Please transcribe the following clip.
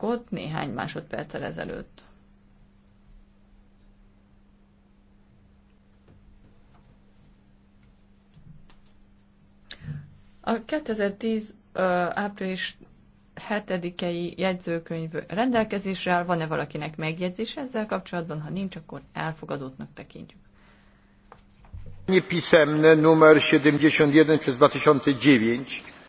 ott néhány másodperccel ezelőtt. A 2010. április 7-i jegyzőkönyv rendelkezésre áll. Van-e valakinek megjegyzés ezzel kapcsolatban? Ha nincs, akkor elfogadottnak tekintjük. Pisemne numer 71 przez 2009